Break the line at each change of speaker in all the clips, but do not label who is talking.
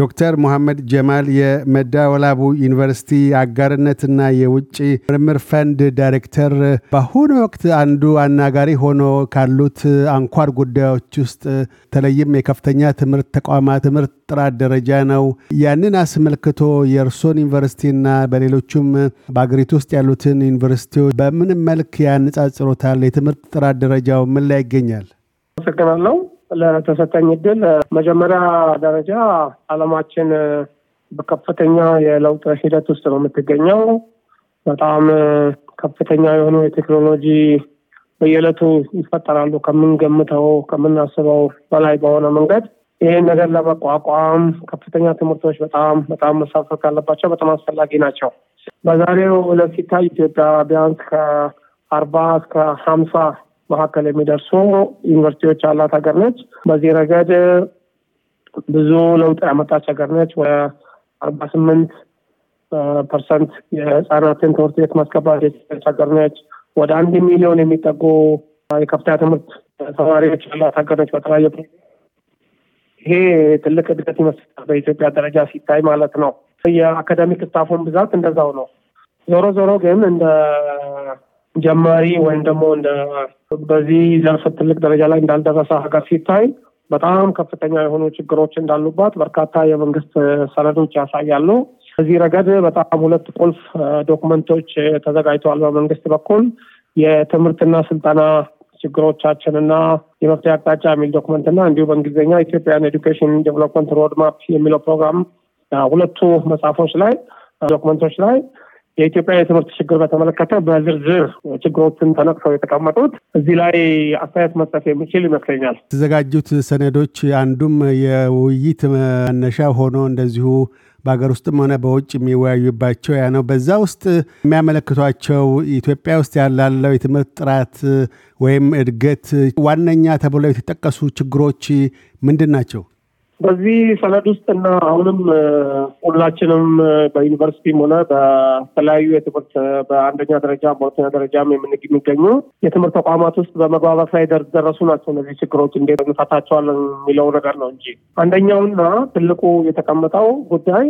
ዶክተር ሙሐመድ ጀማል የመዳወላቡ ዩኒቨርሲቲ አጋርነትና የውጭ ምርምር ፈንድ ዳይሬክተር፣ በአሁኑ ወቅት አንዱ አናጋሪ ሆኖ ካሉት አንኳር ጉዳዮች ውስጥ በተለይም የከፍተኛ ትምህርት ተቋማት ትምህርት ጥራት ደረጃ ነው። ያንን አስመልክቶ የእርሶን ዩኒቨርሲቲና በሌሎቹም በአገሪቱ ውስጥ ያሉትን ዩኒቨርሲቲዎች በምን መልክ ያነጻጽሮታል? የትምህርት ጥራት ደረጃው ምን ላይ ይገኛል?
አመሰግናለሁ። ለተሰጠኝ እድል መጀመሪያ ደረጃ አለማችን በከፍተኛ የለውጥ ሂደት ውስጥ ነው የምትገኘው። በጣም ከፍተኛ የሆኑ የቴክኖሎጂ በየለቱ ይፈጠራሉ ከምንገምተው ከምናስበው በላይ በሆነ መንገድ ይህን ነገር ለመቋቋም ከፍተኛ ትምህርቶች በጣም በጣም መሳፈር ካለባቸው በጣም አስፈላጊ ናቸው። በዛሬው ዕለት ኢትዮጵያ ቢያንስ ከአርባ እስከ ሀምሳ መካከል የሚደርሱ ዩኒቨርሲቲዎች ያላት ሀገር ነች። በዚህ ረገድ ብዙ ለውጥ ያመጣች ሀገር ነች። ወደ አርባ ስምንት ፐርሰንት የህፃናትን ትምህርት ቤት ማስገባት የች ሀገር ነች። ወደ አንድ ሚሊዮን የሚጠጉ የከፍተኛ ትምህርት ተማሪዎች ያላት ሀገር ነች። በተለያየ ይሄ ትልቅ እድገት ይመስላል በኢትዮጵያ ደረጃ ሲታይ ማለት ነው። የአካዳሚክ ስታፉን ብዛት እንደዛው ነው። ዞሮ ዞሮ ግን እንደ ጀማሪ ወይም ደግሞ በዚህ ዘርፍ ትልቅ ደረጃ ላይ እንዳልደረሰ ሀገር ሲታይ በጣም ከፍተኛ የሆኑ ችግሮች እንዳሉባት በርካታ የመንግስት ሰነዶች ያሳያሉ። በዚህ ረገድ በጣም ሁለት ቁልፍ ዶክመንቶች ተዘጋጅተዋል በመንግስት በኩል የትምህርትና ስልጠና ችግሮቻችንና የመፍትሄ አቅጣጫ የሚል ዶክመንትና እንዲሁ በእንግሊዝኛ ኢትዮጵያን ኤዱኬሽን ዴቨሎፕመንት ሮድማፕ የሚለው ፕሮግራም ሁለቱ መጽሐፎች ላይ ዶክመንቶች ላይ የኢትዮጵያ የትምህርት ችግር በተመለከተ በዝርዝር ችግሮችን ተነቅሰው የተቀመጡት እዚህ ላይ አስተያየት መስጠት የሚችል ይመስለኛል።
የተዘጋጁት ሰነዶች አንዱም የውይይት መነሻ ሆኖ እንደዚሁ በሀገር ውስጥም ሆነ በውጭ የሚወያዩባቸው ያ ነው። በዛ ውስጥ የሚያመለክቷቸው ኢትዮጵያ ውስጥ ያላለው የትምህርት ጥራት ወይም እድገት ዋነኛ ተብለው የተጠቀሱ ችግሮች ምንድን ናቸው?
በዚህ ሰነድ ውስጥና አሁንም ሁላችንም በዩኒቨርሲቲም ሆነ በተለያዩ የትምህርት በአንደኛ ደረጃ በሁለተኛ ደረጃም የሚገኙ የትምህርት ተቋማት ውስጥ በመግባባት ላይ ደረሱ ናቸው። እነዚህ ችግሮች እንዴት እንፈታቸዋለን የሚለው ነገር ነው እንጂ አንደኛውና ትልቁ የተቀመጠው ጉዳይ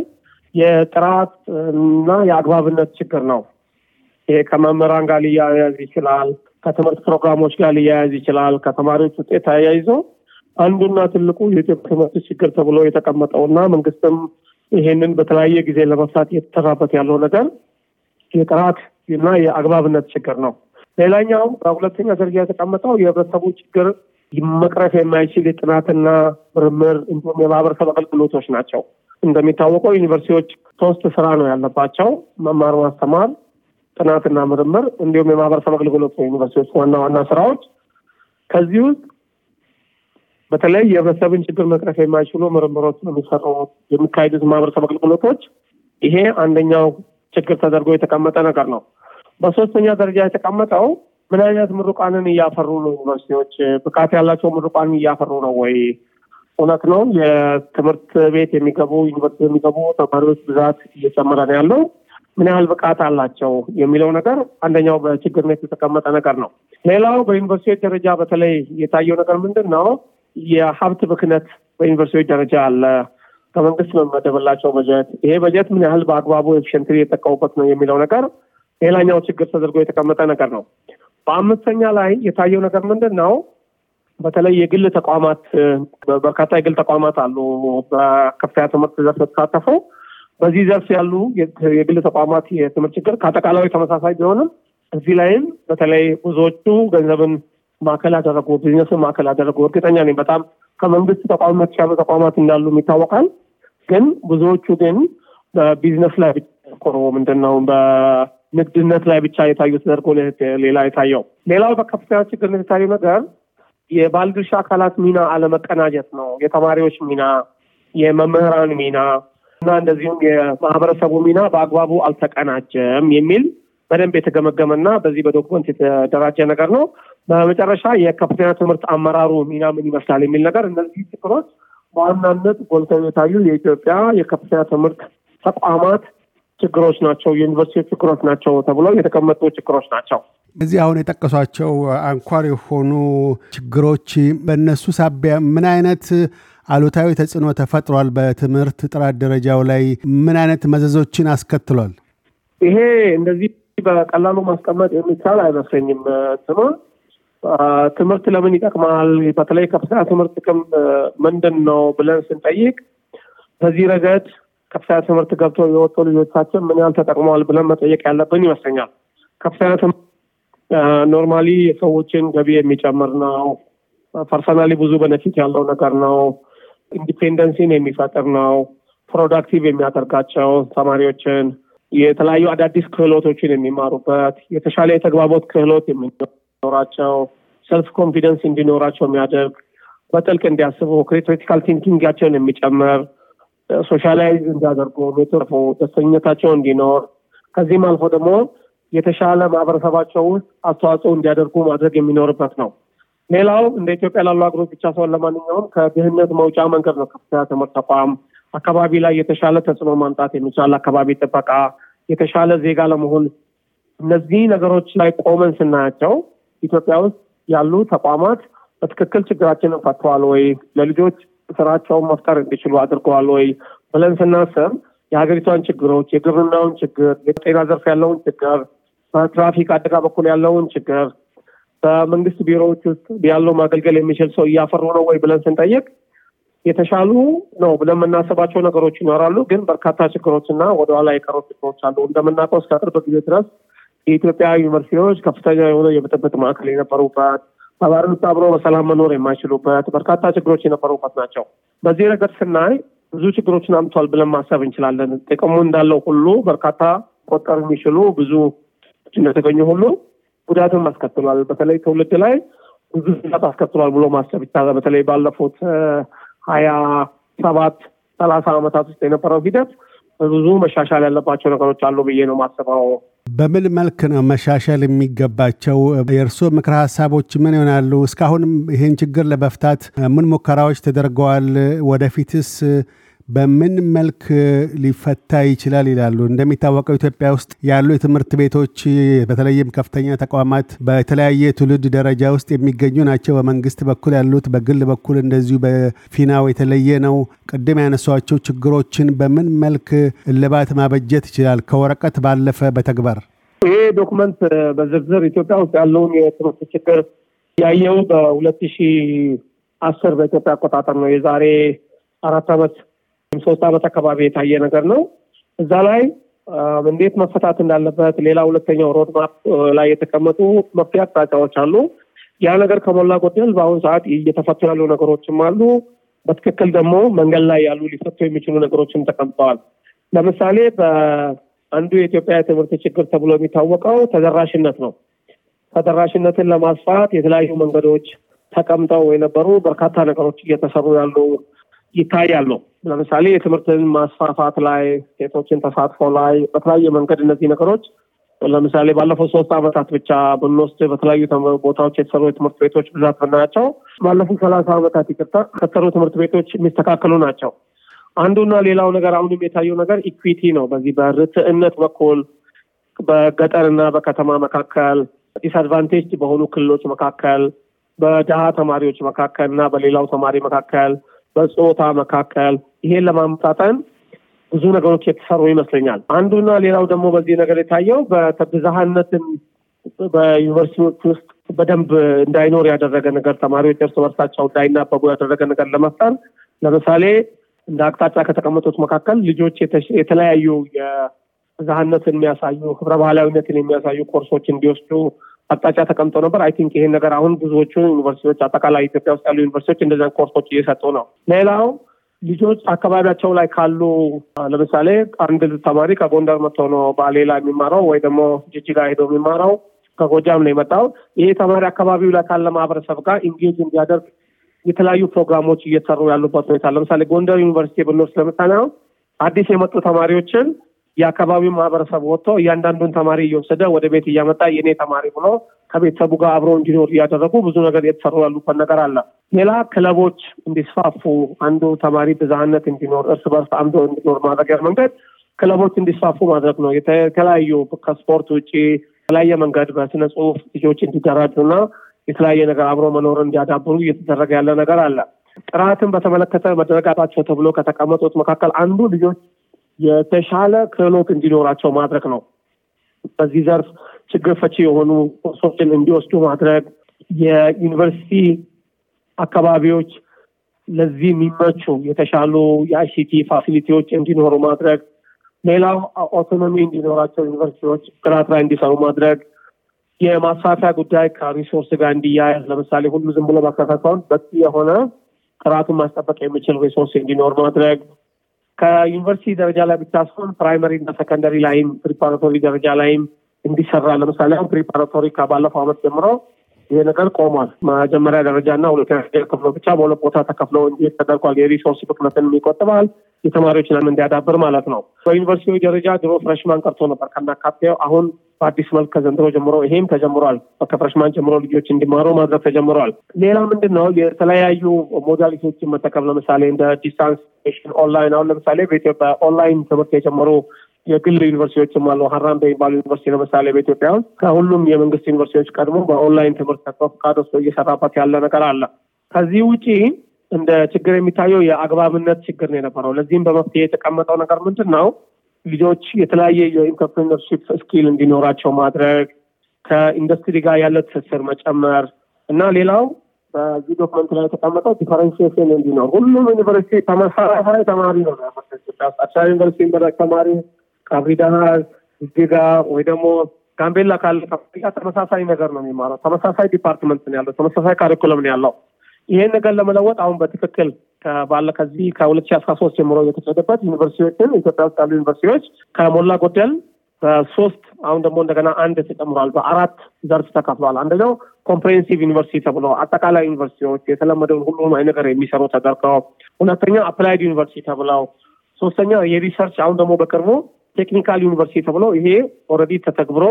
የጥራት እና የአግባብነት ችግር ነው። ይሄ ከመምህራን ጋር ሊያያዝ ይችላል። ከትምህርት ፕሮግራሞች ጋር ሊያያዝ ይችላል። ከተማሪዎች ውጤት ተያይዞ አንዱና ትልቁ የኢትዮጵያ ትምህርት ችግር ተብሎ የተቀመጠውና መንግስትም ይሄንን በተለያየ ጊዜ ለመፍታት የተሰራበት ያለው ነገር የጥራት እና የአግባብነት ችግር ነው። ሌላኛው በሁለተኛ ደረጃ የተቀመጠው የህብረተሰቡ ችግር መቅረፍ የማይችል የጥናትና ምርምር እንዲሁም የማህበረሰብ አገልግሎቶች ናቸው። እንደሚታወቀው ዩኒቨርሲቲዎች ሶስት ስራ ነው ያለባቸው፣ መማር ማስተማር፣ ጥናትና ምርምር እንዲሁም የማህበረሰብ አገልግሎት ነው ዩኒቨርሲቲዎች ዋና ዋና ስራዎች። ከዚህ ውስጥ በተለይ የህብረተሰብን ችግር መቅረፍ የማይችሉ ምርምሮች የሚሰሩ የሚካሄዱት ማህበረሰብ አገልግሎቶች ይሄ አንደኛው ችግር ተደርጎ የተቀመጠ ነገር ነው። በሶስተኛ ደረጃ የተቀመጠው ምን አይነት ምሩቃንን እያፈሩ ነው? ዩኒቨርሲቲዎች ብቃት ያላቸው ምሩቃንን እያፈሩ ነው ወይ? እውነት ነው የትምህርት ቤት የሚገቡ ዩኒቨርሲቲ የሚገቡ ተማሪዎች ብዛት እየጨመረ ነው ያለው። ምን ያህል ብቃት አላቸው የሚለው ነገር አንደኛው በችግርነት የተቀመጠ ነገር ነው። ሌላው በዩኒቨርሲቲዎች ደረጃ በተለይ የታየው ነገር ምንድን ነው? የሀብት ብክነት በዩኒቨርሲቲዎች ደረጃ አለ። ከመንግስት መመደብላቸው በጀት ይሄ በጀት ምን ያህል በአግባቡ ኤፊሽንትሊ የጠቀሙበት ነው የሚለው ነገር ሌላኛው ችግር ተደርጎ የተቀመጠ ነገር ነው። በአምስተኛ ላይ የታየው ነገር ምንድን ነው? በተለይ የግል ተቋማት በርካታ የግል ተቋማት አሉ፣ በከፍተኛ ትምህርት ዘርፍ የተሳተፉ። በዚህ ዘርፍ ያሉ የግል ተቋማት የትምህርት ችግር ከአጠቃላዊ ተመሳሳይ ቢሆንም እዚህ ላይም በተለይ ብዙዎቹ ገንዘብን ማዕከል ያደረጉ ቢዝነስን ማዕከል ያደረጉ እርግጠኛ ነኝ በጣም ከመንግስት ተቋሞች ያሉ ተቋማት እንዳሉም ይታወቃል። ግን ብዙዎቹ ግን በቢዝነስ ላይ ብቻ ኮሮ ምንድነው በንግድነት ላይ ብቻ የታዩ ተደርጎ ሌላ የታየው ሌላው በከፍተኛ ችግር የታየው ነገር የባለድርሻ አካላት ሚና አለመቀናጀት ነው። የተማሪዎች ሚና፣ የመምህራን ሚና እና እንደዚሁም የማህበረሰቡ ሚና በአግባቡ አልተቀናጀም የሚል በደንብ የተገመገመና በዚህ በዶክመንት የተደራጀ ነገር ነው። በመጨረሻ የከፍተኛ ትምህርት አመራሩ ሚና ምን ይመስላል የሚል ነገር እነዚህ ችግሮች በዋናነት ጎልተው የታዩ የኢትዮጵያ የከፍተኛ ትምህርት ተቋማት ችግሮች ናቸው፣ የዩኒቨርሲቲ ችግሮች ናቸው ተብለው የተቀመጡ ችግሮች ናቸው።
እዚህ አሁን የጠቀሷቸው አንኳር የሆኑ ችግሮች በእነሱ ሳቢያ ምን አይነት አሉታዊ ተጽዕኖ ተፈጥሯል? በትምህርት ጥራት ደረጃው ላይ ምን አይነት መዘዞችን አስከትሏል?
ይሄ እንደዚህ በቀላሉ ማስቀመጥ የሚቻል አይመስለኝም። ትምህርት ለምን ይጠቅማል፣ በተለይ ከፍተኛ ትምህርት ጥቅም ምንድን ነው ብለን ስንጠይቅ በዚህ ረገድ ከፍተኛ ትምህርት ገብቶ የወጡ ልጆቻችን ምን ያህል ተጠቅመዋል ብለን መጠየቅ ያለብን ይመስለኛል። ከፍተኛ ትምህርት ኖርማሊ የሰዎችን ገቢ የሚጨምር ነው። ፐርሰናሊ ብዙ በነፊት ያለው ነገር ነው። ኢንዲፔንደንሲን የሚፈጥር ነው። ፕሮዳክቲቭ የሚያደርጋቸው ተማሪዎችን የተለያዩ አዳዲስ ክህሎቶችን የሚማሩበት የተሻለ የተግባቦት ክህሎት የምንለው ኖራቸው ሰልፍ ኮንፊደንስ እንዲኖራቸው የሚያደርግ በጥልቅ እንዲያስቡ ክሪቲካል ቲንኪንጋቸውን የሚጨምር ሶሻላይዝ እንዲያደርጉ ሜትርፎ ደስተኝነታቸው እንዲኖር ከዚህም አልፎ ደግሞ የተሻለ ማህበረሰባቸው ውስጥ አስተዋጽኦ እንዲያደርጉ ማድረግ የሚኖርበት ነው። ሌላው እንደ ኢትዮጵያ ላሉ ሀገሮች ብቻ ሰውን ለማንኛውም ከድህነት መውጫ መንገድ ነው። ከፍተኛ ትምህርት ተቋም አካባቢ ላይ የተሻለ ተጽዕኖ ማምጣት የሚቻል አካባቢ ጥበቃ፣ የተሻለ ዜጋ ለመሆን እነዚህ ነገሮች ላይ ቆመን ስናያቸው ኢትዮጵያ ውስጥ ያሉ ተቋማት በትክክል ችግራችንን ፈተዋል ወይ፣ ለልጆች ስራቸውን መፍጠር እንዲችሉ አድርገዋል ወይ ብለን ስናስብ የሀገሪቷን ችግሮች፣ የግብርናውን ችግር፣ የጤና ዘርፍ ያለውን ችግር፣ በትራፊክ አደጋ በኩል ያለውን ችግር በመንግስት ቢሮዎች ውስጥ ያለው ማገልገል የሚችል ሰው እያፈሩ ነው ወይ ብለን ስንጠይቅ የተሻሉ ነው ብለን የምናስባቸው ነገሮች ይኖራሉ። ግን በርካታ ችግሮችና ወደኋላ የቀሩ ችግሮች አሉ። እንደምናውቀው እስከ ቅርብ ጊዜ ድረስ የኢትዮጵያ ዩኒቨርሲቲዎች ከፍተኛ የሆነ የብጥብጥ ማዕከል የነበሩበት ተማሪዎች አብሮ በሰላም መኖር የማይችሉበት በርካታ ችግሮች የነበሩበት ናቸው። በዚህ ነገር ስናይ ብዙ ችግሮችን አምቷል ብለን ማሰብ እንችላለን። ጥቅሙ እንዳለው ሁሉ በርካታ ቆጠር የሚችሉ ብዙ እንደተገኙ ሁሉ ጉዳትም አስከትሏል። በተለይ ትውልድ ላይ ብዙ ጉዳት አስከትሏል ብሎ ማሰብ ይቻላል። በተለይ ባለፉት ሀያ ሰባት ሰላሳ ዓመታት ውስጥ የነበረው ሂደት ብዙ መሻሻል ያለባቸው ነገሮች አሉ ብዬ ነው ማስበው።
በምን መልክ ነው መሻሻል የሚገባቸው? የእርስዎ ምክረ ሀሳቦች ምን ይሆናሉ? እስካሁንም ይህን ችግር ለመፍታት ምን ሙከራዎች ተደርገዋል? ወደፊትስ በምን መልክ ሊፈታ ይችላል ይላሉ። እንደሚታወቀው ኢትዮጵያ ውስጥ ያሉ የትምህርት ቤቶች በተለይም ከፍተኛ ተቋማት በተለያየ ትውልድ ደረጃ ውስጥ የሚገኙ ናቸው። በመንግስት በኩል ያሉት፣ በግል በኩል እንደዚሁ በፊናው የተለየ ነው። ቅድም ያነሷቸው ችግሮችን በምን መልክ እልባት ማበጀት ይችላል? ከወረቀት ባለፈ በተግባር
ይሄ ዶኩመንት በዝርዝር ኢትዮጵያ ውስጥ ያለውን የትምህርት ችግር ያየው በሁለት ሺህ አስር በኢትዮጵያ አቆጣጠር ነው የዛሬ አራት ዓመት ሶስት ዓመት አካባቢ የታየ ነገር ነው። እዛ ላይ እንዴት መፈታት እንዳለበት ሌላ ሁለተኛው ሮድማፕ ላይ የተቀመጡ መፍትሄ አቅጣጫዎች አሉ። ያ ነገር ከሞላ ጎደል በአሁኑ ሰዓት እየተፈቱ ያሉ ነገሮችም አሉ። በትክክል ደግሞ መንገድ ላይ ያሉ ሊፈቱ የሚችሉ ነገሮችም ተቀምጠዋል። ለምሳሌ በአንዱ የኢትዮጵያ የትምህርት ችግር ተብሎ የሚታወቀው ተደራሽነት ነው። ተደራሽነትን ለማስፋት የተለያዩ መንገዶች ተቀምጠው የነበሩ በርካታ ነገሮች እየተሰሩ ያሉ ይታያሉ። ለምሳሌ የትምህርትን ማስፋፋት ላይ፣ ሴቶችን ተሳትፎ ላይ በተለያየ መንገድ እነዚህ ነገሮች ለምሳሌ ባለፈው ሶስት ዓመታት ብቻ ብንወስድ በተለያዩ ቦታዎች የተሰሩ የትምህርት ቤቶች ብዛት ብናያቸው ባለፉት ሰላሳ ዓመታት ይቅርታ ከተሰሩ ትምህርት ቤቶች የሚስተካከሉ ናቸው። አንዱና ሌላው ነገር አሁንም የታየው ነገር ኢኩዊቲ ነው። በዚህ በርትዕነት በኩል በገጠርና በከተማ መካከል፣ ዲስአድቫንቴጅ በሆኑ ክልሎች መካከል፣ በድሃ ተማሪዎች መካከል እና በሌላው ተማሪ መካከል በጾታ መካከል ይሄን ለማመጣጠን ብዙ ነገሮች የተሰሩ ይመስለኛል። አንዱና ሌላው ደግሞ በዚህ ነገር የታየው ብዝሃነትን በዩኒቨርሲቲዎች ውስጥ በደንብ እንዳይኖር ያደረገ ነገር፣ ተማሪዎች እርስ በርሳቸው እንዳይናበቡ ያደረገ ነገር ለመፍጠር ለምሳሌ እንደ አቅጣጫ ከተቀመጡት መካከል ልጆች የተለያዩ የብዝሃነትን የሚያሳዩ ህብረ ባህላዊነትን የሚያሳዩ ኮርሶች እንዲወስዱ አቅጣጫ ተቀምጦ ነበር። አይ ቲንክ ይሄን ነገር አሁን ብዙዎቹ ዩኒቨርሲቲዎች አጠቃላይ ኢትዮጵያ ውስጥ ያሉ ዩኒቨርሲቲዎች እንደዚያን ኮርሶች እየሰጡ ነው። ሌላው ልጆች አካባቢያቸው ላይ ካሉ ለምሳሌ አንድ ተማሪ ከጎንደር መጥቶ ነው ባሌ ላይ የሚማረው ወይ ደግሞ ጅጅጋ ሄዶ የሚማረው ከጎጃም ነው የመጣው። ይሄ ተማሪ አካባቢው ላይ ካለ ማህበረሰብ ጋር ኢንጌጅ እንዲያደርግ የተለያዩ ፕሮግራሞች እየተሰሩ ያሉበት ሁኔታ ለምሳሌ ጎንደር ዩኒቨርሲቲ ብንወስድ ለምሳሌ አዲስ የመጡ ተማሪዎችን የአካባቢው ማህበረሰብ ወጥቶ እያንዳንዱን ተማሪ እየወሰደ ወደ ቤት እያመጣ የኔ ተማሪ ሆኖ ከቤተሰቡ ጋር አብሮ እንዲኖር እያደረጉ ብዙ ነገር እየተሰሩ ያሉበት ነገር አለ። ሌላ ክለቦች እንዲስፋፉ፣ አንዱ ተማሪ ብዝሃነት እንዲኖር፣ እርስ በርስ አምዶ እንዲኖር ማድረጊያ መንገድ ክለቦች እንዲስፋፉ ማድረግ ነው። የተለያዩ ከስፖርት ውጭ የተለያየ መንገድ በስነ ጽሁፍ ልጆች እንዲደራጁና የተለያየ ነገር አብሮ መኖር እንዲያዳብሩ እየተደረገ ያለ ነገር አለ። ጥራትን በተመለከተ መደረግ ተብሎ ከተቀመጡት መካከል አንዱ ልጆች የተሻለ ክህሎት እንዲኖራቸው ማድረግ ነው። በዚህ ዘርፍ ችግር ፈቺ የሆኑ ኮርሶችን እንዲወስዱ ማድረግ፣ የዩኒቨርሲቲ አካባቢዎች ለዚህ የሚመቹ የተሻሉ የአይሲቲ ፋሲሊቲዎች እንዲኖሩ ማድረግ፣ ሌላው ኦቶኖሚ እንዲኖራቸው ዩኒቨርሲቲዎች ጥናት ላይ እንዲሰሩ ማድረግ፣ የማስፋፊያ ጉዳይ ከሪሶርስ ጋር እንዲያያዝ፣ ለምሳሌ ሁሉ ዝም ብሎ ማስፋፊያ ሳይሆን በቂ የሆነ ጥራቱን ማስጠበቅ የሚችል ሪሶርስ እንዲኖር ማድረግ ከዩኒቨርሲቲ ደረጃ ላይ ብቻ ሲሆን ፕራይመሪ እና ሰከንደሪ ላይም ፕሪፓራቶሪ ደረጃ ላይም እንዲሰራ ለምሳሌ አሁን ፕሪፓራቶሪ ከባለፈው ዓመት ጀምሮ ይሄ ነገር ቆሟል። መጀመሪያ ደረጃ እና ሁለተኛ ክፍሎ ብቻ በሁለት ቦታ ተከፍሎ እንዴት ተደርጓል። የሪሶርስ ብክነትን ይቆጥባል፣ ለም እንዲያዳብር ማለት ነው። በዩኒቨርሲቲ ደረጃ ድሮ ፍረሽማን ቀርቶ ነበር ከናካቴው አሁን በአዲስ መልክ ከዘንድሮ ጀምሮ ይሄም ተጀምሯል። ከፍረሽማን ጀምሮ ልጆች እንዲማሩ ማድረግ ተጀምሯል። ሌላ ምንድን ነው የተለያዩ ሞዳሊቲዎችን መጠቀም ለምሳሌ እንደ ዲስታንስ ኦንላይን አሁን ለምሳሌ በኢትዮጵያ ኦንላይን ትምህርት የጀመሩ የግል ዩኒቨርሲቲዎችም አሉ። ሀራምቤ የሚባሉ ዩኒቨርሲቲ ለምሳሌ በኢትዮጵያ ውስጥ ከሁሉም የመንግስት ዩኒቨርሲቲዎች ቀድሞ በኦንላይን ትምህርት ተስፋ ፈቃድ ወስዶ እየሰራበት ያለ ነገር አለ። ከዚህ ውጪ እንደ ችግር የሚታየው የአግባብነት ችግር ነው የነበረው። ለዚህም በመፍትሄ የተቀመጠው ነገር ምንድን ነው? ልጆች የተለያየ የኢንተርፕሪነርሺፕ ስኪል እንዲኖራቸው ማድረግ፣ ከኢንዱስትሪ ጋር ያለ ትስስር መጨመር እና ሌላው በዚህ ዶክመንት ላይ የተቀመጠው ዲፈረንሽሽን እንዲኖር ሁሉም ዩኒቨርሲቲ ተመሳሳይ ተማሪ ነው። አዲስ ዩኒቨርሲቲ ሚመረቅ ተማሪ ከብሪዳሃር እጅጋ ወይ ደግሞ ጋምቤላ ካለ ተመሳሳይ ነገር ነው የሚማረው። ተመሳሳይ ዲፓርትመንት ነው ያለው። ተመሳሳይ ካሪኩለም ነው ያለው። ይሄን ነገር ለመለወጥ አሁን በትክክል ባለ ከዚህ ከሁለት ሺ አስራ ሶስት ጀምሮ የተሰደበት ዩኒቨርሲቲዎችን ኢትዮጵያ ውስጥ ያሉ ዩኒቨርሲቲዎች ከሞላ ጎደል በሶስት አሁን ደግሞ እንደገና አንድ ተጨምሯል። በአራት ዘርፍ ተከፍሏል። አንደኛው ኮምፕሬሄንሲቭ ዩኒቨርሲቲ ተብሎ አጠቃላይ ዩኒቨርሲቲዎች የተለመደውን ሁሉም አይ ነገር የሚሰሩ ተደርገው፣ ሁለተኛው አፕላይድ ዩኒቨርሲቲ ተብለው፣ ሶስተኛው የሪሰርች አሁን ደግሞ በቅርቡ ቴክኒካል ዩኒቨርሲቲ ተብሎ ይሄ ኦልሬዲ ተተግብሮ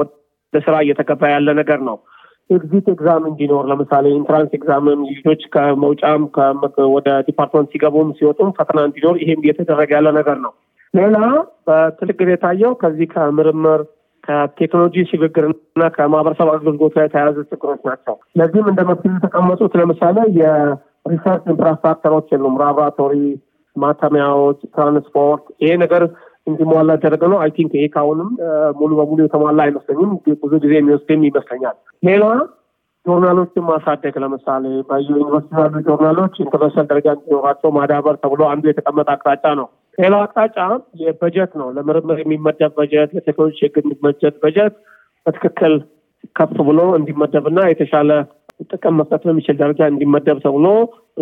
ወደ ስራ እየተገባ ያለ ነገር ነው። ኤግዚት ኤግዛም እንዲኖር ለምሳሌ ኢንትራንስ ኤግዛምም ልጆች ከመውጫም ወደ ዲፓርትመንት ሲገቡም ሲወጡም ፈተና እንዲኖር ይሄም እየተደረገ ያለ ነገር ነው። ሌላ በትልቅ ጊዜ የታየው ከዚህ ከምርምር ከቴክኖሎጂ ሽግግርና ከማህበረሰብ አገልግሎት ላይ የተያያዙ ችግሮች ናቸው። ለዚህም እንደ መፍትሄ የተቀመጡት ለምሳሌ የሪሰርች ኢንፍራስትራክቸሮች የሉም። ላብራቶሪ፣ ማተሚያዎች፣ ትራንስፖርት ይሄ ነገር እንዲሟላ ያደረገ ነው። አይ ቲንክ ይሄ ካሁንም ሙሉ በሙሉ የተሟላ አይመስለኝም። ብዙ ጊዜ የሚወስድም ይመስለኛል። ሌላ ጆርናሎችን ማሳደግ ለምሳሌ በየዩኒቨርሲቲ ያሉ ጆርናሎች ኢንተርናሽናል ደረጃ እንዲኖራቸው ማዳበር ተብሎ አንዱ የተቀመጠ አቅጣጫ ነው። ሌላ አቅጣጫ የበጀት ነው። ለምርምር የሚመደብ በጀት፣ ለቴክኖሎጂ ችግር የሚመደብ በጀት በትክክል ከፍ ብሎ እንዲመደብና የተሻለ ጥቅም መስጠት በሚችል ደረጃ እንዲመደብ ተብሎ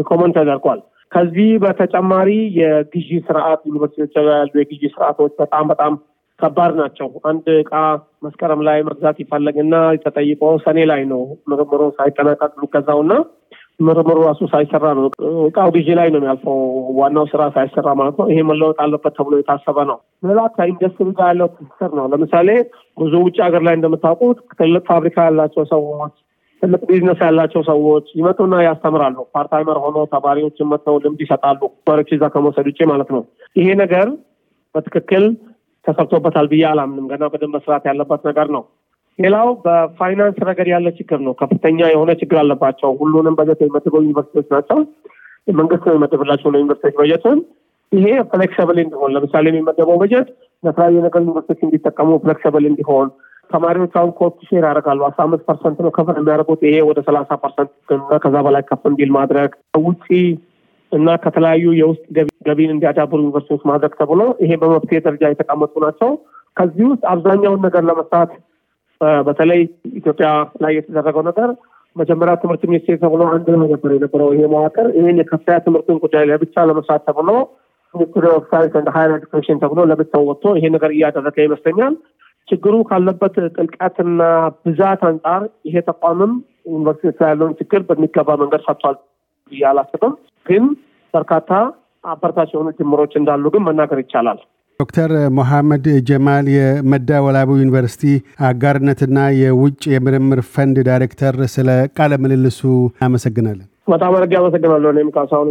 ሪኮመንድ ተደርጓል። ከዚህ በተጨማሪ የግዢ ስርዓት ዩኒቨርሲቲዎች ያሉ የግዢ ስርዓቶች በጣም በጣም ከባድ ናቸው። አንድ እቃ መስከረም ላይ መግዛት ይፈለግና ተጠይቆ ሰኔ ላይ ነው ምርምሩ ሳይጠናቀቅ የሚገዛው እና ምርምሩ ራሱ ሳይሰራ ነው እቃው ግዢ ላይ ነው የሚያልፈው። ዋናው ስራ ሳይሰራ ማለት ነው። ይሄ መለወጥ አለበት ተብሎ የታሰበ ነው። ሌላ ከኢንዱስትሪ ጋር ያለው ትስስር ነው። ለምሳሌ ብዙ ውጭ ሀገር ላይ እንደምታውቁት ትልቅ ፋብሪካ ያላቸው ሰዎች ትልቅ ቢዝነስ ያላቸው ሰዎች ይመጡና ያስተምራሉ። ፓርታይመር ሆኖ ተማሪዎችን መጥተው ልምድ ይሰጣሉ። ወረኪዛ ከመውሰድ ውጭ ማለት ነው። ይሄ ነገር በትክክል ተሰርቶበታል ብዬ አላምንም። ገና በደንብ መስራት ያለበት ነገር ነው። ሌላው በፋይናንስ ረገድ ያለ ችግር ነው። ከፍተኛ የሆነ ችግር አለባቸው። ሁሉንም በጀት የሚመድበው ዩኒቨርሲቲዎች ናቸው። መንግስት ነው የመደብላቸው ዩኒቨርሲቲዎች በጀትን። ይሄ ፍሌክሲብል እንዲሆን ለምሳሌ የሚመደበው በጀት ለተለያዩ ነገር ዩኒቨርሲቲዎች እንዲጠቀሙ ፍሌክሲብል እንዲሆን ተማሪዎች አሁን ኮፒ ሼር ያደርጋሉ። አስራ አምስት ፐርሰንት ነው ከፍል የሚያደርጉት። ይሄ ወደ ሰላሳ ፐርሰንት እና ከዛ በላይ ከፍ እንዲል ማድረግ ውጪ እና ከተለያዩ የውስጥ ገቢን እንዲያዳብሩ ዩኒቨርሲቲዎች ማድረግ ተብሎ ይሄ በመፍትሄ ደረጃ የተቀመጡ ናቸው። ከዚህ ውስጥ አብዛኛውን ነገር ለመስራት በተለይ ኢትዮጵያ ላይ የተደረገው ነገር መጀመሪያ ትምህርት ሚኒስቴር ተብሎ አንድ ነው ነበር የነበረው ይሄ መዋቅር። ይህን የከፍተኛ ትምህርቱን ጉዳይ ለብቻ ለመስራት ተብሎ ሚኒስትሪ ኦፍ ሳይንስ ኤንድ ሃየር ኤዱኬሽን ተብሎ ለብቻው ወጥቶ ይሄ ነገር እያደረገ ይመስለኛል። ችግሩ ካለበት ጥልቀትና ብዛት አንጻር ይሄ ተቋምም ዩኒቨርሲቲ ያለውን ችግር በሚገባ መንገድ ፈቷል ብዬ አላስብም። ግን በርካታ አበረታች የሆኑ ጅምሮች እንዳሉ ግን መናገር ይቻላል።
ዶክተር ሞሐመድ ጀማል የመዳ ወላቡ ዩኒቨርሲቲ አጋርነትና የውጭ የምርምር ፈንድ ዳይሬክተር፣ ስለ ቃለ ምልልሱ አመሰግናለን።
በጣም አድርጌ አመሰግናለሁ። እኔም ካሳሁን